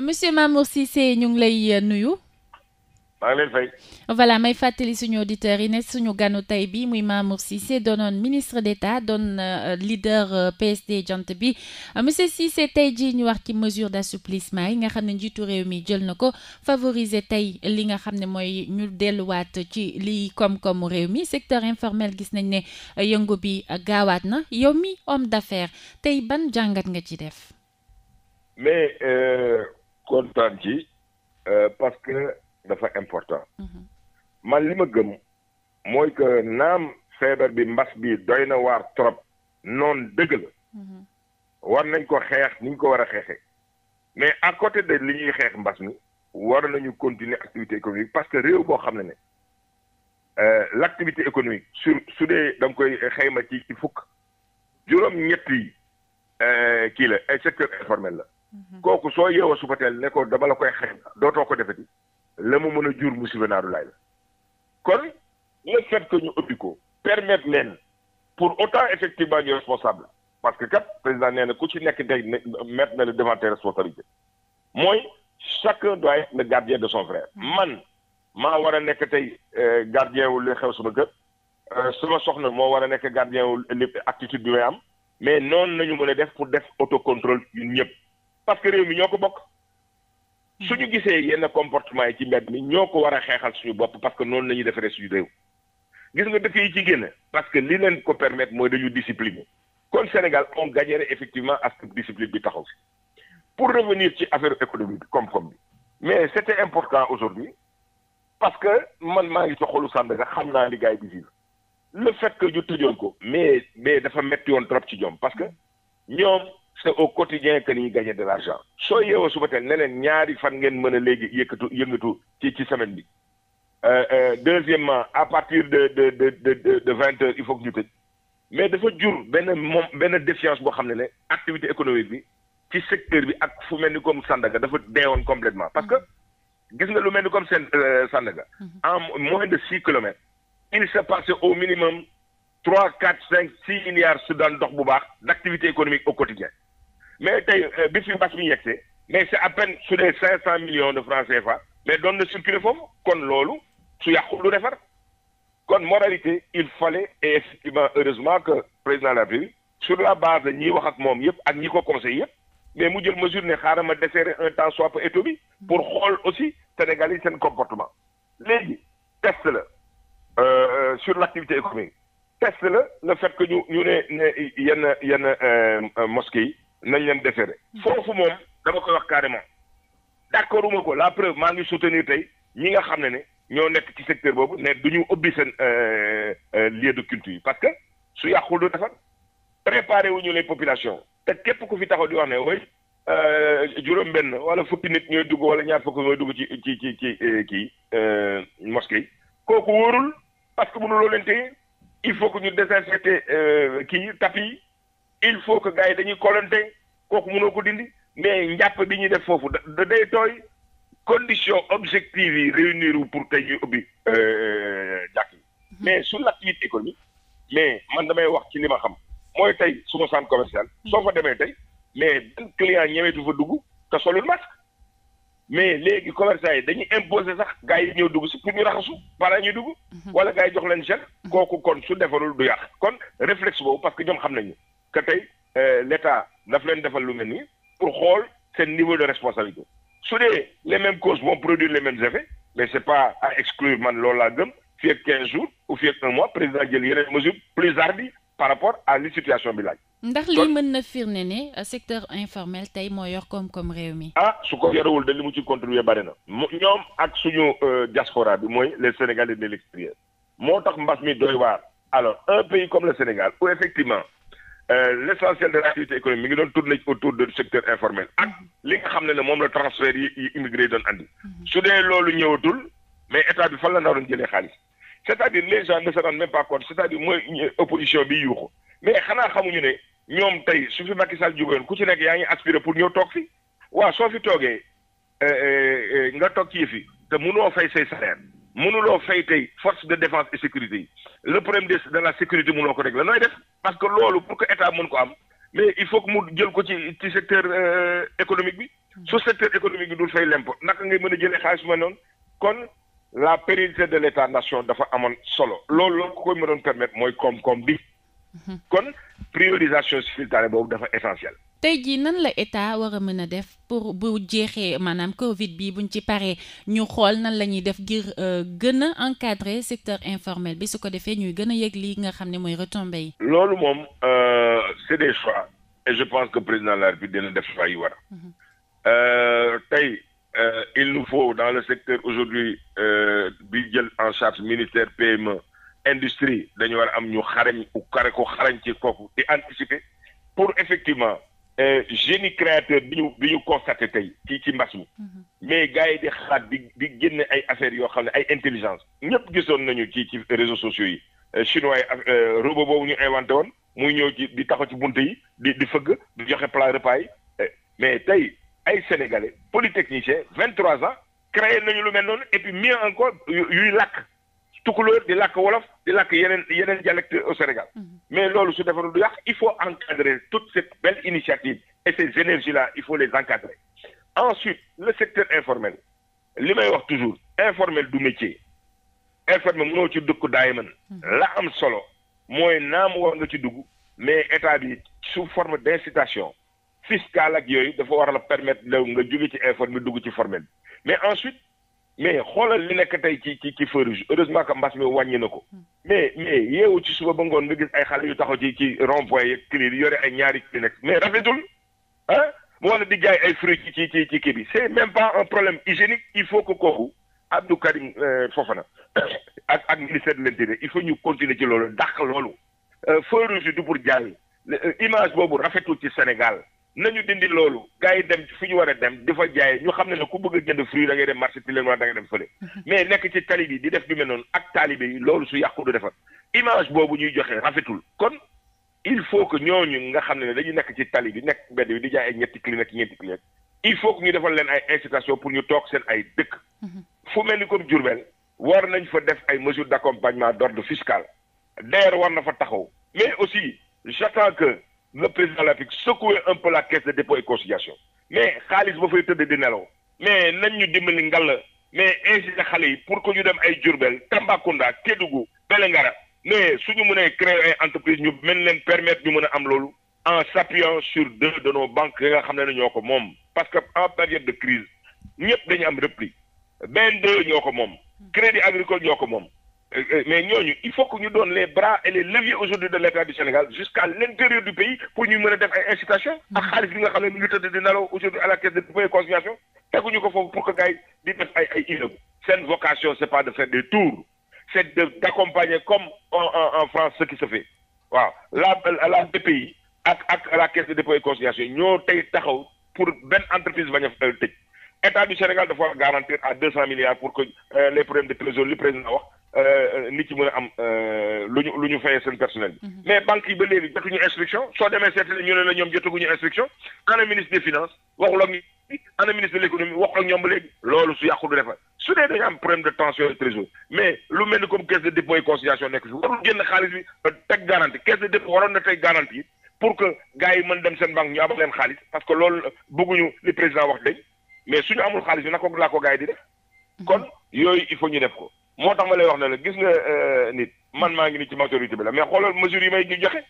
monsieur Mamour Cissé ñu ngi lay euh, nuyu. maa voilà may fàttali suñu auditeurs yi ne suñu ganu tey bi muy Mamour Cissé doonoon ministre d'État doon euh, leader euh, PSD jant bi monsieur Cissé tey jii ñu wax ci mesure d'assouplissement yi nga xam ne njiitu réew mi jël na ko favoriser tey li nga xam ne mooy ñu delluwaat ci liy koom-koomu réew mi secteur informel gis nañ ne yëngu bi gaawaat na yow mi homme d'affaires tey ban jàngat nga ci def. mais. kontaan ci euh, parce que dafa important. Mhm. man li ma gëm mooy que naam feebar bi mbas bi doy na waar trop noonu dëgg la. Mhm. war nañ ko xeex ni ko war a xeexee mais à côté de li ñuy xeex mbas mi war nañu continuer activité économique parce que réew boo xam ne ne euh, l' activité économique su su dee da nga koy xayma ci ci fukk juróom-ñett yi euh, kii la ay secteur informel la. Mhm. kooku soo yeewoo suba teel ne ko dama la koy xeex dootoo ko defeti la mu mën a jur musiba naadu laay la kon le fait que ñu ubbi ko permettre leen pour autant effectivement ñu responsable parce que kat président nee na ku ci nekk tey mettre na le devant tes responsabilités mooy chaque doit être le gardien de son frère. Mhm. man maa war a nekk tey euh, gardien wu li xew sama kër euh, sama soxna moo war a nekk gardien wu li attitude bi may am mais noonu nañu mën a def pour def autocontrôle ñun ñëpp. parce que réew mi ñoo ko bokk hmm. suñu gisee yenn comportement yi ci mbedd mi ñoo ko war a xeexal suñu bopp parce que noonu la ñuy defaree suñu réew gis nga dëkk yi ci génn parce que li leen ko permettre mooy dañu discipliner kon Sénégal on gagnerait effectivement à ce bi taxaw si pour revenir ci affaire économique bi koom-koom bi mais c'était important aujourd'hui parce que man maa ngi ci xolu Sandaga xam naa li gars yi di vivre le fait que ñu tëjoon ko mais mais dafa metti woon trop ci ñoom parce que ñoom c'est au quotidien que ñuy gagner de l'argent soo yeewoo suba teel ne leen ñaari fan ngeen mën a léegi yëkkatu yëngatu ci ci semaine bi euh, euh, deuxièmement à partir de de de de vingt heures il faut que ñu tëj mais dafa jur benn moom benn défiance boo xam ne ne activité économique bi ci secteur bi ak fu mel ni comme Sandaga dafa deewoon complètement parce que gis nga lu mel ni comme seen euh, Sandaga mm-hmm. en moins de six kilomètres il s'est passé au minimum trois quatre cinq six milliards su daan dox bu baax d'activité économique au mais tey euh, bi fi mbas mi yegsee mais c'est à peine su dee cinq cent millions de francs CFA mais doon na circuler foofu kon loolu su yàqul du defar kon moralité il fallait et effectivement heureusement que président la République sur la base de ñiy wax ak moom yëpp ak ñi ko conseil yëpp mais mu jël mesure ne xaaral ma desserrer un temps soit peu étau bi pour xool aussi Sénégal yi seen comportement léegi test la euh, euh, sur l'activité économique test la le fait que ñu ñu ne yenn yenn mosquées nañ leen defere foofu moom dama koy wax carrément d'accord uma ko la preuve maa ngi soutenir tey ñi nga xam ne ne ñoo nekk ci secteur boobu ne du ñu ubbi seen euh, euh, lieu de culte yi parce que su yàqul du defar préparé wu ñu les population te képp ku fi taxaw di wax ne woy euh, juróom benn wala fukki nit ñooy dugg wala ñaar fukki ñooy dugg ci ci ci ci kii mosquée yi kooku wóorul parce que mënuloo leen téye il faut que ñu désinfecter kii tapis yi il faut que gars yi dañuy kolonte kooku mënoo ko dindi mais njàpp bi ñuy def foofu da day tooy conditions objectives yi réunir wu pour tey ñu ubbi euh, jàkk yi mhm. mais sur l' activité économique mais man damay wax ci li ma xam mooy tey suma centre commercial mhm. soo fa demee tey mais benn client ñëweetu fa dugg te solul masque mais léegi commerçant yi dañuy imposer sax gaa yi ñëw dugg si pour ñu raxasu balaa ñuy dugg mhm. wala gars yi jox leen chèque kooku kon su defarul du yàq kon réflexe boobu parce que ñoom xam nañu que tey euh, l' état daf leen defal lu mel ni pour xool seen niveau de responsabilité su dee les mêmes causes vont produire les mêmes effets mais c' est pas à man loolu laa gëm m ak 15 jours ou fii ak un mois président jël yeneen mesures plus hardies par rapport à li situation bi laaj. ndax lii mën na firnde ne euh, secteur informel tey moo yor koom-koom a mi. ah su ko yorewul de li mu ci contribuer bari na. ñoom ak suñu euh, diaspora bi mooy les sénégalais de l' extérieur moo tax mbas mi doy waar alors comme le Sénégal où effectivement. Euh, l' essentiel de l' activité économique mi ngi doon tourner autour du secteur informel ak li nga xam ne ne moom la transfert yi yi immigré doon andi. Mhm. su dee loolu ñëwatul mais état bi fan la naroon jëlee xaalis c' est à dire les gens ne se rendent à dire mooy opposition bi yuuxu mais xanaa xamuñu ne ñoom tey su fi Macky Sall jógoon ku ci nekk yaa ngi aspiré pour ñëw toog fi waaw soo fi toogee euh, euh, nga toog ci fi te mënoo fay say salaire. mënuloo fay tey force de défense et sécurité yi le problème de de la sécurité mënoo ko régler nooy def parce que loolu pour que état mën ko am mais il faut que mu jël ko ci ci secteur euh, économique bi su secteur économique bi dul fay lempo naka ngay mën a jëlee xaalis ma noonu kon la pérennité de l'état nation dafa amoon solo loolu loolu ko koy ma doon permettre mooy koom-koom bi mhm. kon priorisation sécuritaire boobu dafa essentiel tey jii nan la état war a mën a def pour bu jeexee maanaam Covid bi buñ ci paree ñu xool nan la ñuy def ngir euh, gën a encadrer secteur informel bi su ko defee ñuy gën a yëg lii nga xam ne mooy retombé yi. loolu moom euh, c'est des choix. et je pense que président de la République dina def choix yi war. Mm-hmm. Euh, tey il nous faut dans le secteur aujourd'hui bi jël en charge ministère PME industrie dañu war a am ñu xarañ ku kare ko xarañ ci kooku di anticiper pour effectivement. Euh, génie créateur bi ñu bi ñu constaté tey ci ci mbas mi mhm. mais gars yi di xalaat bi bi génne ay affaires yoo xam ne ay intelligence ñëpp gisoon nañu ci ci réseaux sociaux yi euh, chinois yi euh, robot boobu ñu inventé woon muy ñëw ci di taxaw ci bunte yi di di fëgg di joxe plat repas mais tey ay sénégalais polytechnicien vingt trois ans créé nañu lu mel noonu et puis mieux encore yuy làkk tukulóor di làkk wolof di làkk yeneen yeneen dialecte au Sénégal mhm. mais loolu su defaru du yàq il faut encadrer toute cette belle initiative et ces énergies là il faut les encadrer ensuite le secteur informel li may wax toujours informel du métier informel mënoo ci dëkk daay mën la am solo mooy naam war nga ci dugg mais état bi sous forme d'incitation fiscale ak yooyu dafa war la permettre nga jóge ci informel dugg ci formel mais ensuite mais xoolal li nekk tey ci ci ci feu rouge heureusement que mbas mi wàññi na ko hmm. mais mais yeewu ci suba ba ngoon nga gis ay xale yu taxaw ci ci rond point yeeg clé yore ay ñaari Kleenex mais rafetul ah mu wala di jaay ay fruits ci ci ci ci kii bi c' est même pas un problème hygiénique il faut que kooku Abdou Karim euh, Fofana ak ak ministère de l' intérieur il faut ñu continuer ci loolu dàq loolu euh, feu rouge du pour jaay euh, image boobu rafetul ci Sénégal. nañu dindi loolu gars yi dem fu ñu war a dem di fa jaay ñu xam ne ne ku bëgg a fruit da ngay dem marché ti leen wala da dem fële mhm. mais nekk ci tali bi di def bi mel noonu ak taalibe yi loolu su yàqu du image boobu ñuy joxe rafetul kon il faut que ñooñu nga xam ne ne dañu nekk ci tali bi nekk mbedd bi di jaay ay ñetti clinique ñeenti clinique il faut que ñu defal leen ay incitation pour ñu toog seen ay dëkk mhm. fu mel ni comme Diourbel war nañ fa def ay mesures d'accompagnement d'ordre fiscal DER war na fa taxaw mais aussi j'attends que le président de la République secouer un peu la caisse de dépôt et conciliation mais xaalis ba fay tëdd di nelaw mais nañ ñu dimbali la mais incité xale yi pour que ñu dem ay Diourbel Tambacounda Kédougou Belengara mais su ñu mënee créer ay entreprise ñu mën leen permettre ñu mën a am loolu en s'appuyant sur deux de nos banques yi nga xam ne ñoo ko moom parce que en période de crise ñëpp dañu am repli BNDE ñoo ko moom Crédit Agricole ñoo ko moom Euh, mais ñooñu il faut que ñu doon les bras et les leviers aujourd'hui de l'état du Sénégal jusqu'à l'intérieur du pays pour ñu mën a def ay incitation ak mm-hmm. xaalis bi nga xam ne mi ngi tëdd di nalaw aujourd'hui à la caisse de dépôt et consignation teguñu ko foofu pour que gars yi di def ay ay ilebu seen vocation c'est pas de faire des tours c'est de d'accompagner comme en en France ce qui se fait waaw la la DPI ak ak la caisse de dépôt et consignation ñoo tey taxaw pour benn entreprise bañ a euh, tëj état pour que euh, les problèmes de trésor li président Euh, euh, nit ci mën a am euh, lu ñu lu ñu fayee seen personnel bi. Mhm. mais banques yi ba léegi jotuñu instruction soo demee seetlu ñu ne la ñoom jotaguñu instruction ana ministre des finances waxul ak ñi ana ministre de l'économie waxul ak ñoom ba léegi loolu su yàqu du defar su dee dañu am problème de tension de trésor mais lu mel ni comme caisse de dépôt et consignation nekk fi warul génn xaalis bi teg garantie caisse de dépôt waroon na tey garantie pour que gars yi mën dem seen banque ñu am leen xaalis parce que loolu bëgguñu li président wax dëgg mais suñu amul xaalis bi naka laa ko gars yi di mhm. kon yooyu il faut ñu def ko. moo tax ma lay wax ne la gis nga euh, nit man maa ngi ni ci maturité bi la mais xoolal mesures yi may gi joxe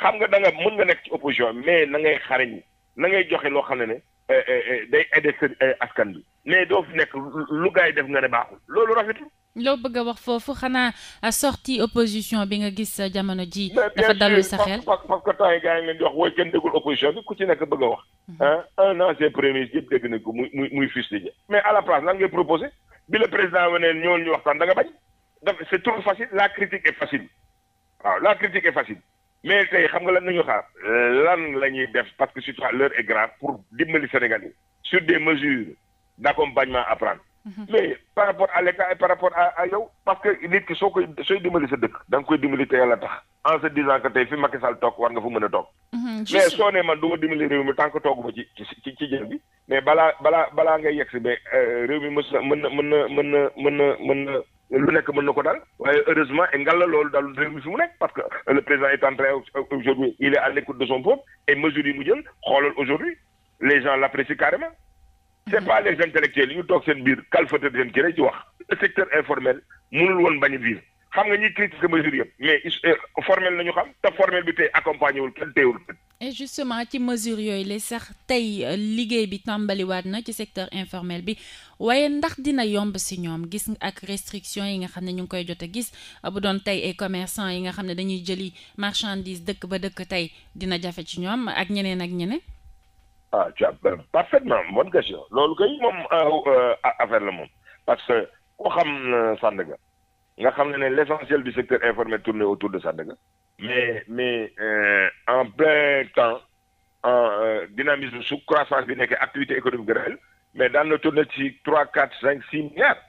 xam nga da nga mën nga nekk ci opposition mais na ngay xarañ na ngay joxe loo xam ne ne euh, euh, day aider seen askan bi mais doo fi nekk lu yi def nga ne baaxul loolu rafetul. loo bëgg a wax foofu xanaa sortie opposition bi nga gis jamono ji dafa dalul sa xel parce que temps yi gars yi ngeen di wax kenn déggul opposition bi ku ci nekk bëgg a wax. Mhm. un ancien yëpp dégg ko muy muy muy fustigé mais à la place lan bi le président wane ne ñu waxtaan da nga bañ daf c'est trop facile la critique est facile waaw la critique est facile mais tey xam nga lan nañu xaar lan la ñuy def parce que surtout l'heure est grave pour dimbali Sénégal yi sur des mesures d'accompagnement à prendre mhm. mais par rapport à l'État et par rapport à yow parce que nit ki soo koy sooy dimbali sa dëkk da nga koy dimbali te yàlla tax en se disant que tey fi Macky Sall toog war nga fa mën a toog mhm, mais soo ne ma dimbali réew mi tant que toogu ma ci ci bi mais balaa balaa balaa ngay yegg si ba euh, réew mi mës na mën na mën na mën na mën na mën na lu nekk mën na ko dal waaye heureusement ngal la loolu dalul réew mi fi mu nekk parce que le président est en train aujourd'hui il est à l'écoute de son peuple et mesures yi mu jël xoolal aujourd'hui les gens l'apprécient carrément c'est pas les intellectuels yi ñu toog seen biir kalfata seen kii rek ci wax le secteur informel mënul woon bañ a vivre xam nga ñuy critiquer mesures yëpp mais euh, formel nañu xam te formel bi tey accompagné wul kenn teewul kenn et justement ci mesure yooyu la sax tey euh, liggéey bi tàmbaliwaat na ci secteur informel bi waaye ndax dina yomb si ñoom gis ak restriction yi nga xam ne ñu ngi koy jot a gis ah, bu doon tey e commerçant yi nga xam ne dañuy jëli marchandise dëkk ba dëkk tey dina jafe ci ñoom ak ñeneen ak ñeneen. ah tu as euh, parfaitement question loolu kay moom euh, affaire la moom parce que ku xam Sandaga nga xam ne ne l' essentiel du secteur informel tourné autour de Sandaga mais mais euh, en plein temps en euh, dynamisme su croissance bi nekkee activité économique réelle mais daan na tourné ci trois quatre cinq six milliards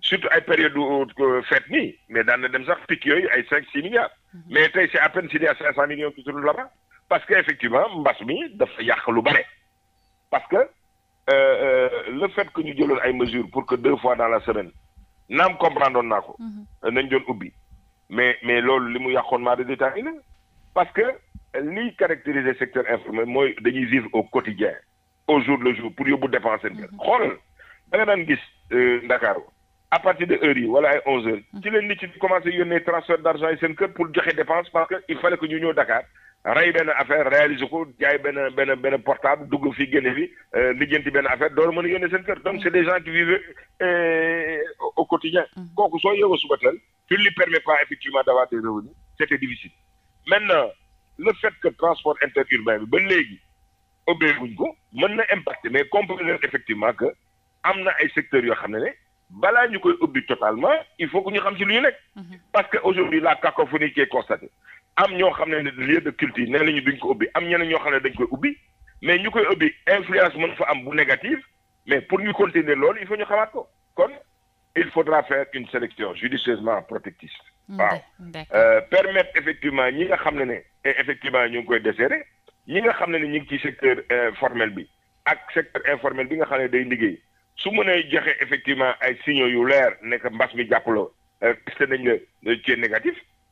surtout ay période euh, fête nii mais daan na dem sax pic yooyu ay cinq six milliards mm-hmm. mais tey c'est à peine si à cinq cent millions qui tournent là-bas parce que effectivement mbas mi dafa yàq lu bare parce que le fait que ñu jëloon ay mesures pour que deux fois dans la semaine naam comprendre woon naa ko. Mhm. nañ doon ubbi mais mais loolu li mu yàqoon maa de détaillé la parce que liy caractériser secteur informel mooy dañuy vivre au quotidien au jour le jour pour yóbbu dépense seen kër. Mhm. xoolal da nga daan gis euh, Ndakaaru à partir de heure yi wala ay onze heures. Mhm. ci leen nit ci commencé yónnee transfert d' argent yi seen kër pour joxe dépense parce que il fallait que ñu ñëw Dakar. rey benn affaire réaliser ko jaay benn benn benn portable dugg fii génne fi euh, lijjanti benn affaire door mën a yónnee seen kër donc mm. c' est des o qui vivent euh, au quotidien mm. kooku soo yëgoo suba teel tu ne lui permets pas effectivement d' avoir des revenus c' était difficile maintenant le fait que transport interurbain bi ba léegi ubbeeguñ ko mën na impacter mais comprendre effectivement que am na ay secteurs yoo xam ne ne balaa ñu koy ubbi totalement il faut que ñu xam ci lu ñu nekk mm-hmm. que la am ñoo xam ne lieu de culte yi nee nañu duñ ko ubbi am ñeneen ñoo xam ne dañ koy ubbi mais ñu koy ubbi influence mën fa am bu négative mais pour ñu continuer lool il faut ñu xamaat ko kon il faudra faire une sélection judicieusement protectrice. Mm, waaw euh, permettre effectivement ñi nga xam ne ne effectivement ñu ngi koy desserrer ñi nga xam ne ne ñu ngi ci secteur formel bi ak secteur informel bi nga xam ne day liggéey su mënee joxe effectivement ay signaux yu leer nekk mbas mi jàppaloo euh, testé nañ la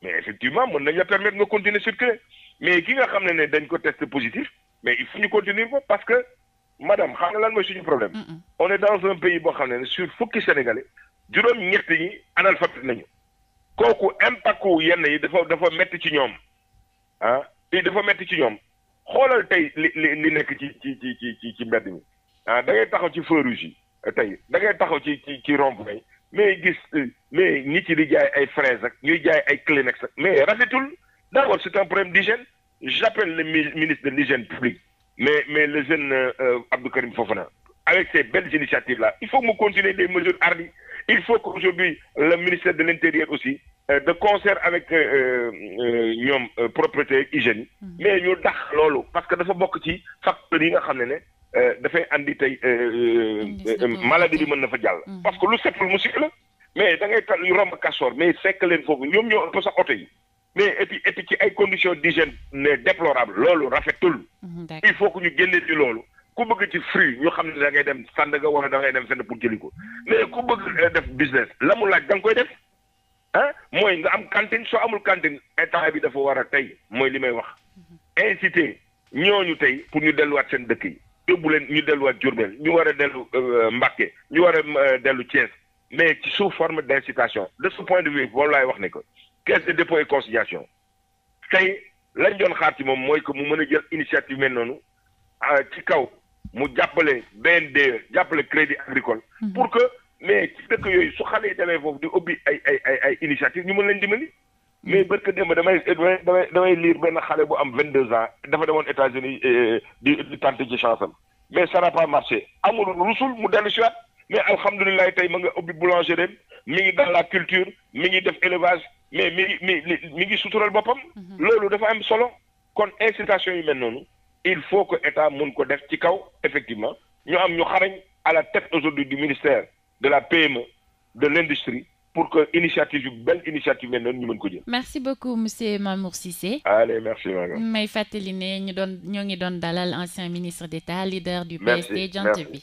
mais effectivement mën nañ la permettre nga continuer circuler mais ki nga xam ne ne dañ ko test positif mais il faut ñu continuer ko parce que madame xam nga lan mooy suñu problème. on est dans un pays boo xam ne sur fukki sénégalais juróom ñett ñi analphabète nañu kooku impact ko yenn yi dafa dafa métti ci ñoom ah te dafa métti ci ñoom xoolal tey li li li nekk ci ci ci ci ci mbedd mi ah da ngay taxaw ci feu rouge tey da ngay taxaw ci ci ci rond-point mais gis mais ñi ci di jaay ay fraises ak ñuy jaay ay Kleenex ak mais rafetul d' abord c' est un problème d' hygiène j' appelle le ministre de l' hygiène publique mais mais le jeune euh, Abdou Karim Fofana avec ces belles initiatives là il faut mu continuer des mesures hardies il faut qu'aujourd'hui le ministère de l' intérieur aussi euh, de concert avec euh, ñoom propriété hygiène mm-hmm. mais ñu dax loolu parce que dafa bokk ci facteurs yi nga xam ne ne Euh, dafay andi tey euh, euh, maladie bi mën na fa jàll. Mm-hmm. parce que lu setul musique la mais da ngay tal yu romb kastoor mais sekk leen foofu ñoom ñoo ëpp sa oto yi mais et ci ay conditions d'hygiène ne déplorable loolu rafetul. Mm-hmm, il faut que ñu génnee ci loolu. ku bëgg ci fruit ñu xam ne da ngay dem Sandaga wala da ngay dem fenn pour jëli ko mais ku bëgg def business la mu laaj da nga koy def ah mooy nga am cantine soo amul cantine état bi dafa war a tey mooy li may wax mm-hmm. inciter ñooñu tey pour ñu delluwaat seen dëkk yi. yóbbu leen ñu delluwaat Diourbel ñu war a dellu euh, Mbacké ñu war a euh, dellu Thiès mais ci sous forme d' incitation de ce point de vue boobu laay wax ne que caisse de dépôt et tey lañ doon xaar ci moom mooy que mu mën a jël initiative mel noonu euh, ci kaw mu jàppale BNDE jàppale crédit agricole. Mhm. pour que mais ci dëkk yooyu su xale yi demee foofu di ubbi ay ay ay ay initiative ñu mën leen dimbali. mais barke démb damay damay damay liir benn xale bu am vingt deux ans dafa demoon États-Unis euh, di di tenter ci chance am mais ça marché amul rusul mu dellu si waat mais alhamdulilah tey ma nga ubbi boulangerie mi ngi dans la culture mi ngi def élevage mais mi ngi mi ngi sutural boppam. Mhm. loolu dafa am solo. kon incitation yu mel noonu il faut que état mun ko def ci kaw effectivement ñu am ñu xarañ à la tête aujourd'hui du ministère de la PME de l'industrie pour que initiative yu belle initiative mel noonu ñu mën ko merci beaucoup monsieur Mamour Cissé. allez merci madame. may fàttali ne ñu doon ñoo ngi doon dalal ancien ministre d'État leader du. merci PST jant bi.